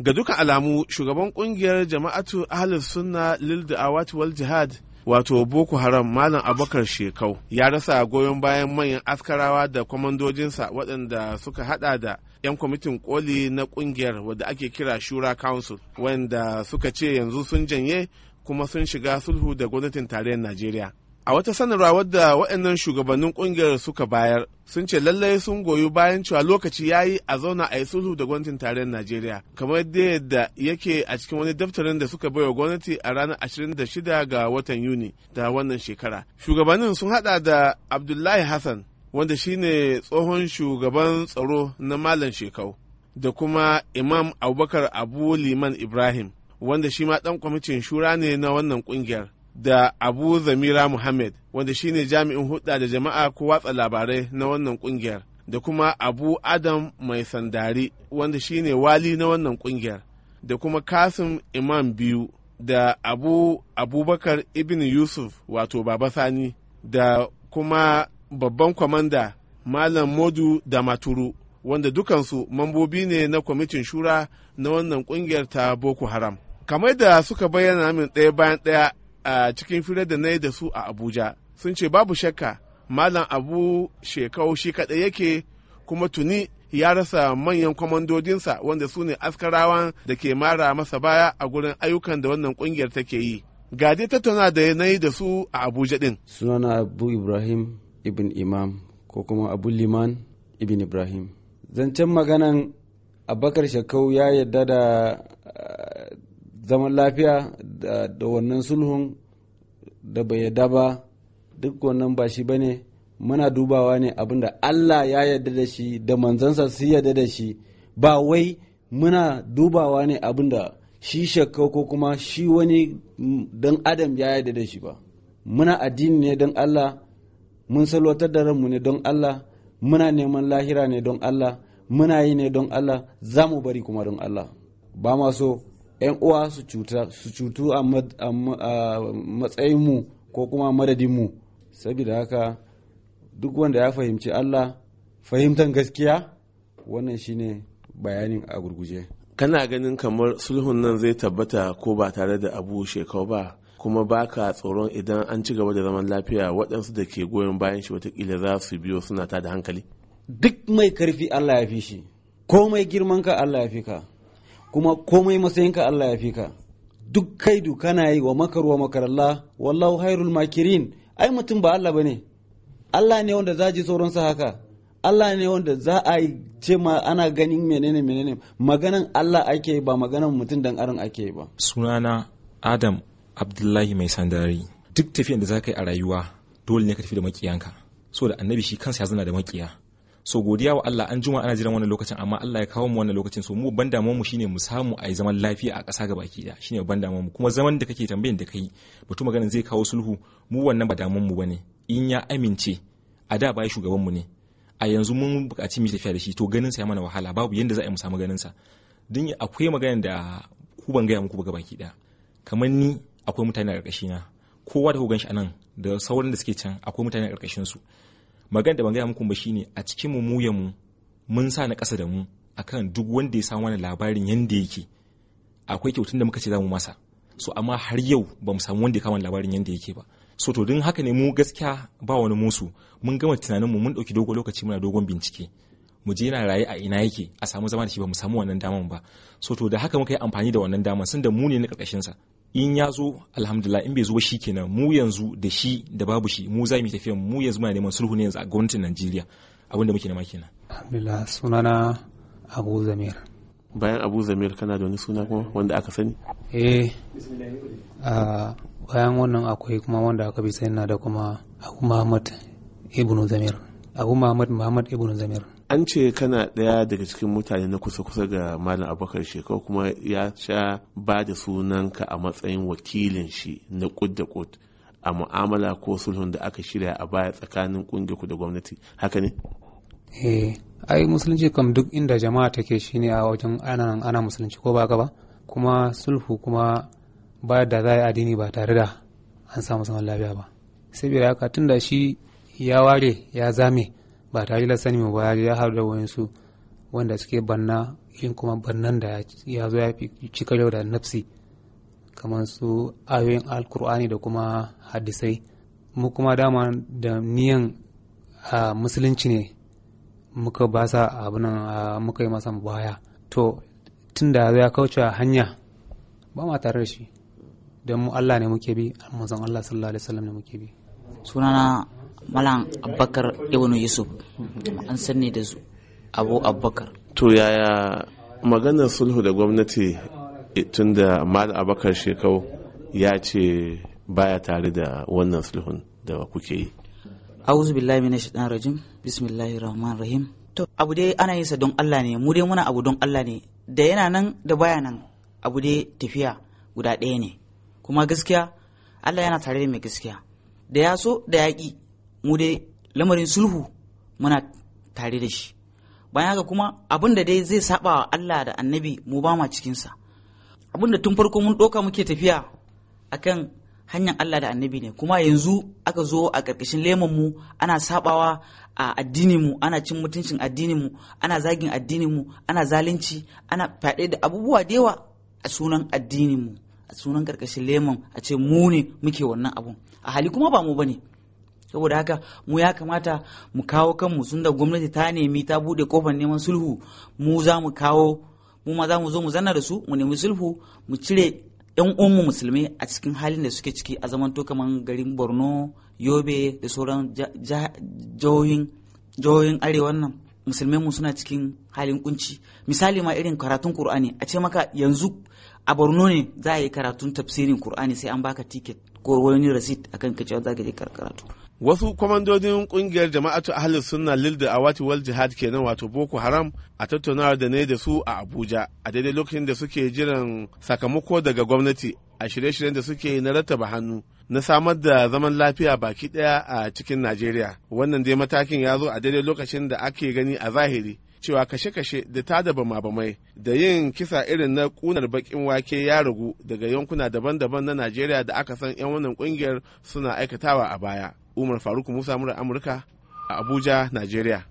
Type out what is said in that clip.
ga duka alamu shugaban kungiyar jama'atu ahlus sunna lil da'awat wal jihad wato boko haram malam abakar shekau ya rasa goyon bayan manyan askarawa da kwamandojinsa waɗanda suka hada da 'yan kwamitin koli na kungiyar wadda ake kira shura council wanda suka ce yanzu sun janye kuma sun shiga sulhu da gwamnatin tarayyar najeriya A wata sanarwa wadda waɗannan shugabannin ƙungiyar suka bayar sun ce lallai sun goyi bayan cewa lokaci ya yi a zauna a yi sulhu da gwamnatin tarayyar Najeriya kamar yadda yake a cikin wani daftarin da suka baiwa gwamnati a ranar 26 ga watan Yuni da wannan shekara. Shugabannin sun haɗa da Abdullahi Hassan wanda shine tsohon shugaban tsaro na Malam Shekau da kuma Imam Abubakar Abu Liman Ibrahim wanda shi ma ɗan kwamitin shura ne na wannan ƙungiyar. da Abu Zamira Muhammad wanda shi ne jami'in hudda da jama'a ko watsa labarai na wannan kungiyar da kuma Abu Adam Mai Sandari wanda shi ne wali na wannan kungiyar da kuma Kasim Imam biyu da Abu Abubakar Ibn Yusuf wato Baba Sani da kuma babban kwamanda Malam Modu da Maturu wanda dukansu mambobi ne na kwamitin shura na wannan kungiyar ta Boko Haram. kamar da suka bayyana min ɗaya bayan ɗaya a cikin firar da na yi da su a abuja sun ce babu shakka malam abu shekau shi kaɗai yake kuma tuni ya rasa manyan kwamandodinsa wanda su ne askarawan da ke mara masa baya a gurin ayyukan da wannan ƙungiyar take yi ga dai tattauna da na yi da su a abuja ɗin sunana abu ibrahim ibn imam ko kuma abu liman ibn ibrahim zancen maganan abakar shekau ya yarda da zaman lafiya da wannan sulhun da bai yadda ba duk wannan ba shi ba ne muna dubawa ne abinda Allah ya yarda da shi da manzansa su yarda da shi ba wai muna dubawa ne abinda shi shakka ko kuma shi wani mm, dan adam ya yarda da shi ba muna addini ne don Allah mun salwatar da ranmu ne don Allah muna neman lahira ne don Allah muna yi ne don Allah za mu bari kuma don Allah ba ma so 'yan uwa su cutu a matsayinmu ko kuma madadinmu saboda haka duk wanda ya fahimci allah fahimtar gaskiya wannan shine bayanin a gurguje kana ganin kamar sulhun nan zai tabbata ko ba tare da abu shekau ba kuma baka tsoron idan an ci gaba da zaman lafiya waɗansu da ke goyon bayan shi watakila za su biyo suna ta da hankali duk mai karfi allah ya fi shi komai girman ka allah ya fi ka kuma komai matsayinka Allah ya fi ka duk kai kaidu kana yi wa makar wa makar Allah wallahu hairul makirin ai mutum ba Allah bane Allah ne wanda za ji sauransa haka Allah ne wanda za a yi ce ma ana ganin menene menene maganan Allah ake yi ba maganan mutum dan aron ake yi ba sunana Adam Abdullahi mai sandari duk tafiyan da za ka yi a rayuwa dole ne ka tafi da makiyanka so da annabi shi kansa ya zana da makiya so godiya wa Allah an juma ana jiran wannan lokacin amma Allah ya kawo mu wannan lokacin so mu ban damuwar mu shine mu samu a yi zaman lafiya a ƙasa gabaki daya shine ban damuwar mu kuma zaman da kake tambayar da kai batu maganin zai kawo sulhu mu wannan ba damuwar mu bane in ya amince a da bai shugaban mu ne a yanzu mun buƙaci mu tafiya da shi to ganin sa ya mana wahala babu yanda za a yi mu samu ganin sa don akwai maganar da ku ban gaya muku ba gabaki daya kamar ni akwai mutane a ƙarƙashina kowa da ku ganshi anan da sauran da suke can akwai mutane a ƙarƙashin su magana da ban gaya muku ba shine a cikin mu mu mu mun sa na ƙasa da mu akan duk wanda ya samu wani labarin yanda yake akwai kyautun da muka ce za mu masa so amma har yau ba mu samu wanda ya kama labarin yanda yake ba so to din haka ne mu gaskiya ba wani musu mun gama tunanin mu mun dauki dogon lokaci muna dogon bincike mu je yana raye a ina yake a samu zama da shi ba mu samu wannan daman ba so to da haka muka yi amfani da wannan daman sun da mu ne na karkashin sa in ya zo alhamdulillah in bai zo ba shi kenan mu yanzu da shi da babu shi mu za mu tafiya mu yanzu muna neman sulhu ne yanzu a gwamnatin Najeriya abinda muke nema kenan alhamdulillah sunana Abu Zamir bayan Abu Zamir kana da wani suna kuma wanda aka sani eh a bayan wannan akwai kuma wanda aka bi sani na da kuma Abu Muhammad Ibn Zamir Abu Muhammad Muhammad Ibn Zamir an ce kana ɗaya daga cikin mutane na kusa-kusa ga malam abubakar shekau kuma ya sha ba da ka a matsayin wakilin shi na kud da kud a mu'amala ko sulhun da aka shirya a baya tsakanin kungiyar ku da gwamnati haka ne eh ai musulunci kam duk inda jama'a take ne a wajen ana ana musulunci ko ba ba kuma sulhu kuma ba da za addini ba tare da an samu zaman lafiya ba sai saboda haka tunda shi ya ware ya zame ba tare da sani ba ya haɗu da wayansu wanda suke banna yin kuma bannan da ya zo ya fi cika da nafsi kamar su ayoyin alkur'ani da kuma hadisai mu kuma dama da niyan a musulunci ne muka ba sa abinan muka yi masa baya to tun da ya kauce hanya ba ma tare da shi don mu Allah ne muke bi almanzon Allah sallallahu alaihi wasallam ne muke bi sunana malam abubakar ibn yusuf an sanne da su abu abubakar to yaya maganar sulhu da gwamnati eh, tun da malam abubakar shekau ya ce baya tare da wannan sulhun da kuke yi auzu billahi minash shaitanir rajim bismillahir rahman rahim to abu dai ana yin sa don Allah ne mu dai muna abu don Allah ne da yana nan da baya nan abu dai tafiya guda ɗaya ne kuma gaskiya Allah yana tare da mai gaskiya da ya so da yaƙi mu dai lamarin sulhu muna tare da shi bayan haka kuma abin da dai zai saba wa Allah da annabi mu ba ma cikinsa abin da tun farko mun ɗauka muke tafiya akan hanyar Allah da annabi ne kuma yanzu aka zo a ƙarƙashin mu ana sabawa a addinin mu ana cin mutuncin addinin mu ana zagin addinin mu ana zalunci ana fyaɗe da abubuwa da yawa a sunan addinin mu a sunan ƙarƙashin lemon a ce mu ne muke wannan abun a hali kuma ba mu bane saboda haka mu ya kamata mu kawo kanmu sun da gwamnati ta nemi ta bude kofar neman sulhu mu za mu kawo mu ma za mu zo mu zanna da su mu nemi sulhu mu cire yan uwanmu musulmi a cikin halin da suke ciki a to kamar garin borno yobe da sauran jihohin arewa nan musulmai mu suna cikin halin kunci misali ma irin karatun qur'ani a ce maka yanzu a borno ne za a yi karatun tafsirin kur'ani sai an baka tiket ko wani receipt akan ka cewa za ka je karatu wasu kwamandodin kungiyar jama'atu ahli sunna lil da awati wal jihad kenan wato boko haram a tattaunawar da ne da su a abuja a daidai lokacin da suke jiran sakamako daga gwamnati a shirye-shiryen da suke na rattaba hannu na samar da zaman lafiya baki daya a cikin najeriya wannan dai matakin ya zo a daidai lokacin da ake gani a zahiri cewa kashe-kashe da ta da bama-bamai da yin kisa irin na kunar bakin wake ya ragu daga yankuna daban-daban na Najeriya da aka san 'yan wannan kungiyar suna aikatawa a baya. Umar Faruk Musa Amurka a Abuja, Najeriya.